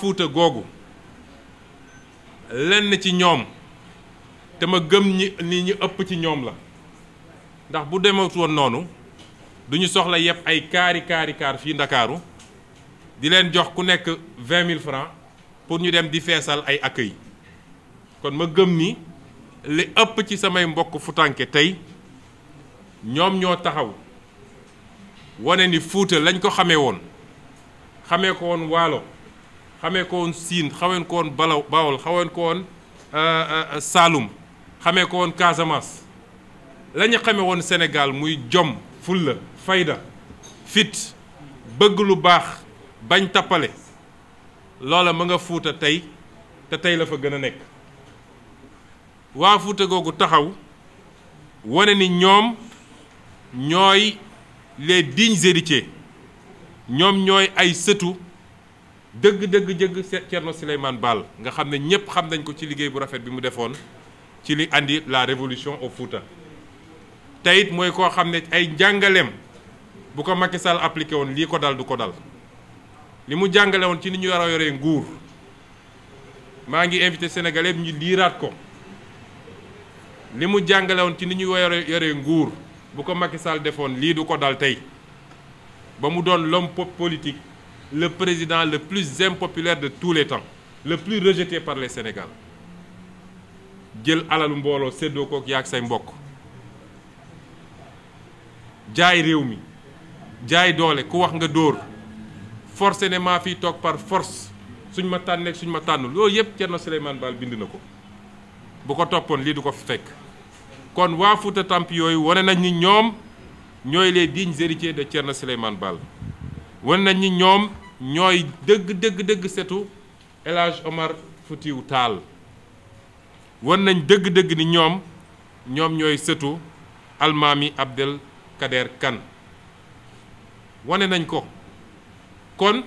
Fuuta googu lenn ci ñoom te ma gëm ñi ni ñu ëpp ci ñoom la ndax bu dematu woon noonu duñu soxla yëpp ay kaari kaari kaar fii Ndakaaru di leen jox ku nekk vingt mille francs pour ñu dem di feesal ay accueil kon ma gëm ni li ëpp ci samay mbokk futanke tey ñoom ñoo taxaw wane ni Fuuta lañ ko xamee woon xamee ko woon waalo xamee ko woon Siin xaween ko woon Balaw Bawol xaween ko woon euh, euh, Saalum xamee ko woon Casamance la ñu woon Sénégal muy jomm fulla fayda fit bëgg lu baax bañ tappale loola ma nga fuuta tey te tey la fa gën a nekk waa fuuta googu taxaw wane ni ñoom ñooy les dignes héritiers ñoom ñooy ay sëtu dëgg dëgg dëgg Thierno Souleymane Baal nga xam ne ñëpp xam nañ ko ci liggéey bu rafet bi mu defoon ci li indi la révolution au Fouta te it mooy koo xam ne ay jàngaleem bu ko Macky Sall appliqué woon lii ko dal du ko dal li mu jàngale woon ci ni ñu war a yoree nguur maa ngi invité sénégalais bi ñu liiraat ko li mu jàngale woon ci ni ñu war a nguur bu ko Macky Sall defoon lii du ko dal tey ba mu doon lompo politique le président le plus impopulaire de tous les temps le plus rejeté par les Sénégalais jël alalu mbooloo séddoo kook yaag say mbokk jaay réew mi jaay doole ku wax nga dóor force ne maa fiy toog par force suñ ma tànneeg suñ ma tànnul loolu yëpp Thierno Souleymane Baal bind na ko bu ko toppoon lii du ko fekk kon waa Fouta Tamp yooyu wane nañ ni ñoom ñooy les dignes héritiers de Thierno Souleymane Baal wan nañ ni ñoom ñooy dëgg dëgg dëgg setu El Hadj Omar Foutiyou Tall wan nañ dëgg dëgg ni ñoom ñoom ñooy setu almaami Abdel Kader kan wane nañ ko kon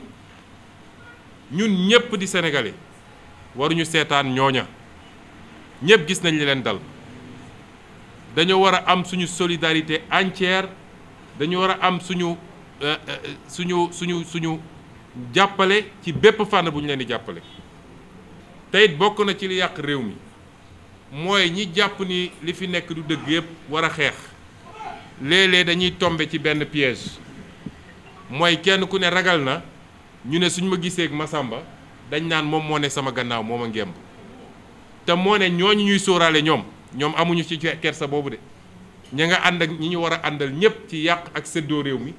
ñun ñépp di sénégalais waruñu seetaan ñooña ñépp gis nañ leen dal dañoo war a am suñu solidarité entière dañu war a am suñu Euh, euh, suñu suñu suñu jàppale ci bépp fànn bu ñu leen di jàppale tey bokk na ci li yàq réew mi mooy ñi jàpp ni li fi nekk du dëgg yëpp war a xeex léeg-léeg dañuy tombe ci benn piège mooy kenn ku ne ragal na ñu ne suñ ma gisee ak Masamba dañ naan moom moo ne sama gannaaw moom a ngemb te moo ne ñooñu ñuy sóoraale ñoom ñoom amuñu ci kersa boobu de ña nga ànd ak ñi ñu war a àndal ñëpp ci yàq ak séddoo réew mi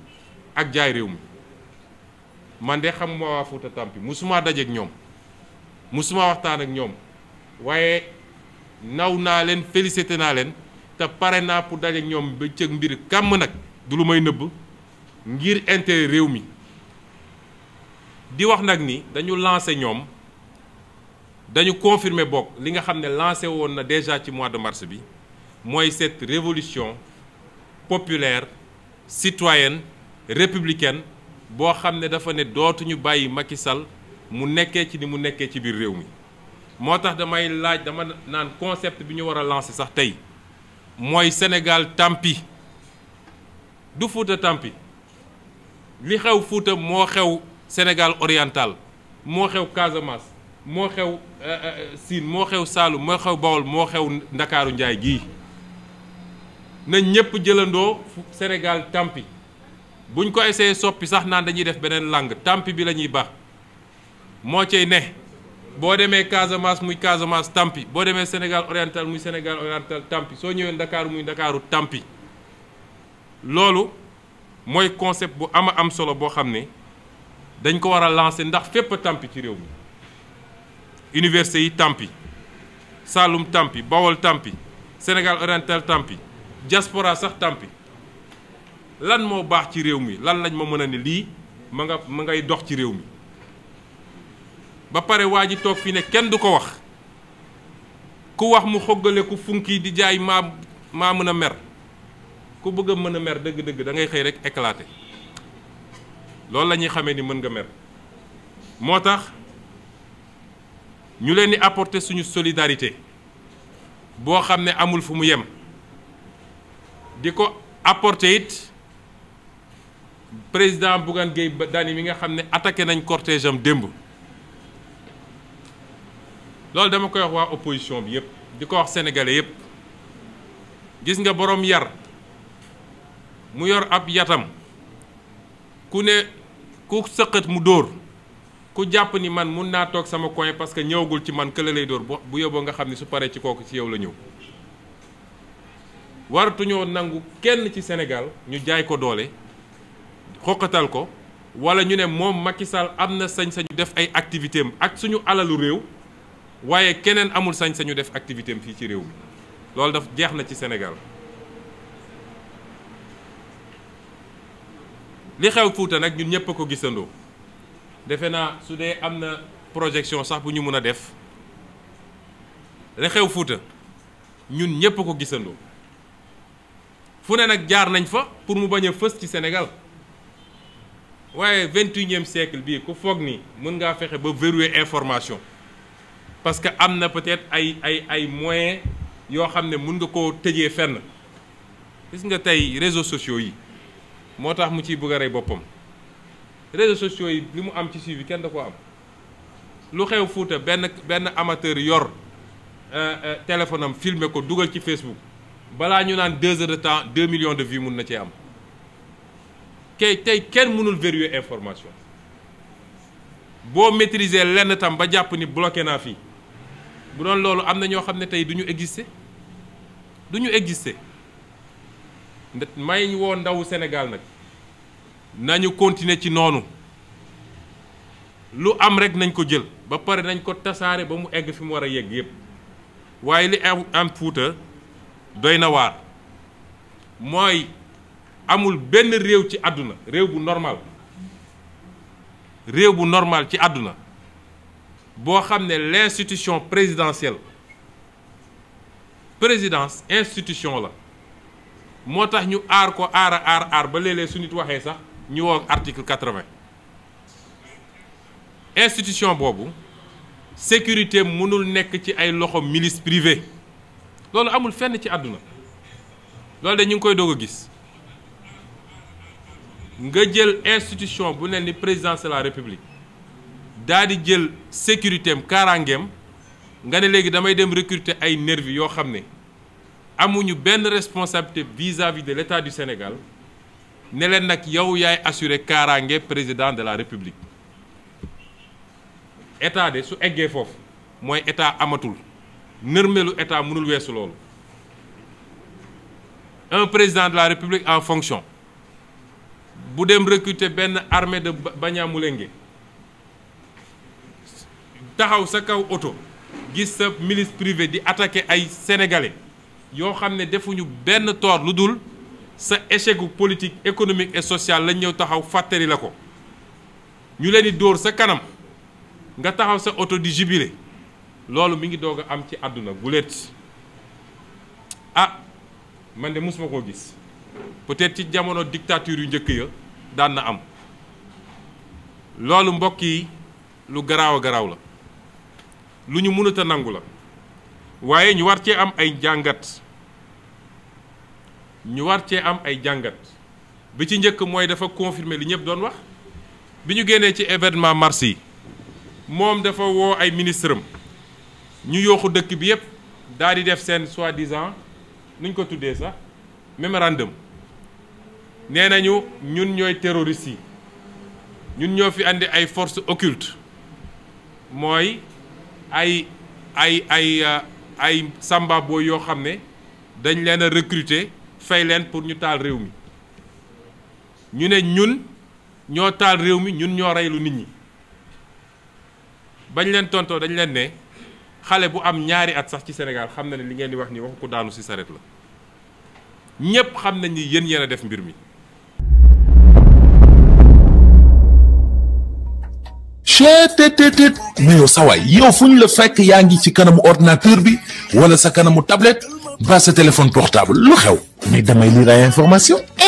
ak jaay réew mi man de xamuma waa Fuuta Tampi musuma dajeek ñoom musuma waxtaan ak ñoom waaye naw naa leen félicité naa leen te pare naa pour dajeek ñoom ba cëg mbir kàmm nag du lu may nëbb ngir intérêt réew mi di wax nag ni dañu lancé ñoom dañu confirmer bokk li nga xam ne lancé woon na déjà ci mois de mars bi mooy cette révolution populaire sitoyen républicain boo xam ne dafa ne dootuñu bàyyi Macky Sall mu nekkee ci ni mu nekkee ci biir réew mi moo tax damay laaj dama naan concept bi ñu war a lancer sax tey mooy senegal tàmpi du Fuuta tampi li xew Fuuta moo xew senegal oriental moo xew Casamance moo xew euh, euh, Sine moo xew Saalum moo xew Bawol moo xew Ndakaaru Njaay gii na ñépp jëlandoo senegal tampi buñ ko essayé soppi sax naa dañuy def beneen langue tampi bi la ñuy baax moo cay ne boo demee Casamance muy Casamance tampi boo demee Sénégal oriental muy Sénégal oriental tampi soo ñëwee Ndakaaru muy Ndakaaru tampi loolu mooy concept bu ama am solo boo xam ne dañ ko war a lancer ndax fépp a tampi ci réew mi université yi tampi Saalum tampi Bawol tampi Sénégal oriental tampi diaspora sax tampi lan moo baax ci réew mi lan lañ ma mën a ni lii ma nga ma ngay dox ci réew mi ba pare waa ji toog fii ne kenn du ko wax ku wax mu xoggale ku funki di jaay maa maa mën a mer ku bëgg a mën a mer dëgg-dëgg da ngay xëy rek éclater loolu la ñuy xamee ni mën nga mer moo tax ñu leen di apporter suñu solidarité boo xam ne amul fu mu yem di ko apporter it président Bougane ba Dany mi nga xam ne attaqué nañ cortège am démb loolu dama koy wax waa opposition bi yëpp di ko wax sénégalais yëpp gis nga boroom yar mu yor ab yatam ku ne ku sëqat mu dóor ku jàpp ni man mun naa toog sama coin parce que ñëwagul ci man kële lay dóor bu yóbboo nga xam ni su paree ci kooku ci yow la ñëw waratuñoo nangu kenn ci senegal ñu jaay ko doole xoqatal ko wala ñu ne moom Macky Sall am na sañ-sañu def ay activité am ak suñu alalu réew waaye keneen amul sañ-sañu def activité am fii ci réew mi loolu daf jeex na ci senegal li xew Fuuta nag ñun ñëpp a ko gisandoo defe naa su dee am na projection sax bu ñu mën a def li xew Fuuta ñun ñëpp a ko gisandoo fu ne nag jaar nañ fa pour mu bañ a fës ci senegal waaye vingt unième siècle bii ku foog ni mën ngaa fexe ba verrouiller information parce que am na peut-être ay ay ay moyens yoo xam ne mun nga koo tëjee fenn gis nga tey réseau sociaux yi moo tax mu ciy bëgg a rey boppam réseaux sociaux yi li mu am ci suivi kenn da ko am lu xew Fuuta benn benn amateur yor euh, euh, téléphone am filmer ko dugal ci Facebook balaa ñu naan deux heures de temps deux millions de vues mun na cee am kay tey kenn mënul vérifier information boo maîtriser lenn tam ba jàpp ni bloqué naa fii bu doon loolu am na ñoo xam ne tey du ñu exister du ñu exister may woo ndawu Sénégal nag nañu continuer ci noonu lu am rek nañ ko jël ba pare nañ ko tasaare ba mu egg fi mu war a yegg yépp waaye li am am Fuuta doy na waar mooy amul benn réew ci àdduna réew bu normal réew bu normal ci àdduna boo xam ne l'institution présidentielle présidence institution la moo tax ñu aar ko aar a aar ba léeg su nit waxee sax ñu woo article quatre-vingt institution boobu sécurité mënul nekk ci ay loxo milice privé loolu amul fenn ci àdduna loolu de ñu ngi koy doog a gis nga jël institution bu ne ni présidence de la république daa di jël sécurité am kaaraangeem nga ne léegi damay dem recruter ay nervi yoo xam ne amuñu benn responsabilité vis-à-vis de l'état du Sénégal ne leen nag yow yaay assurer kaaraange président de la république état de su eggee foofu mooy état amatul nërmelu état mënul weesu loolu président de la république en fonction bu dem recruter benn armée de Banyamulenge taxaw sa kaw oto gis sa milice privée di attaquer ay sénégalais yoo xam ne defuñu benn tort lu dul sa échec politique économique et social lañ ñëw taxaw fàttali la ko ñu leen di dóor sa kanam nga taxaw sa oto di jubilé loolu mi ngi doog a am ci àdduna guléet ah man de mosuma koo gis. peut-être ci jamono dictature yu njëkk ya daan na am loolu mbokk yi lu garaaw a garaaw la lu ñu mënut a nangu la waaye ñu war cee am ay jàngat ñu war cee am ay jàngat bi ci njëkk mooy dafa confirmer li ñëpp doon wax bi ñu génnee ci événement mars yi moom dafa woo ay ministre am ñu yooxu dëkk bi yépp daal di def seen soi-disant nuñ ko tuddee sax mémorandum nee nañu ñun ñooy terroristes yi ñun ñoo fi indi ay forces occultes mooy ay ay ay uh, ay samba yoo xam ne dañ leen a recruter fay leen pour ñu taal réew mi ñu ne ñun ñoo taal réew mi ñun ñoo reylu nit ñi bañ leen tontoo dañ leen ne xale bu am ñaari at sax ci Sénégal xam na ne li ngeen di wax ni waxu ko daanu si saret la ñépp xam nañ ni yéen yéen a def mbir mi cheetetetet mais yow sa yow fu ñu la fekk yaa ngi ci kanamu ordinateur bi wala sa kanamu tablette ba sa téléphone portable lu xew mais damay lire ay information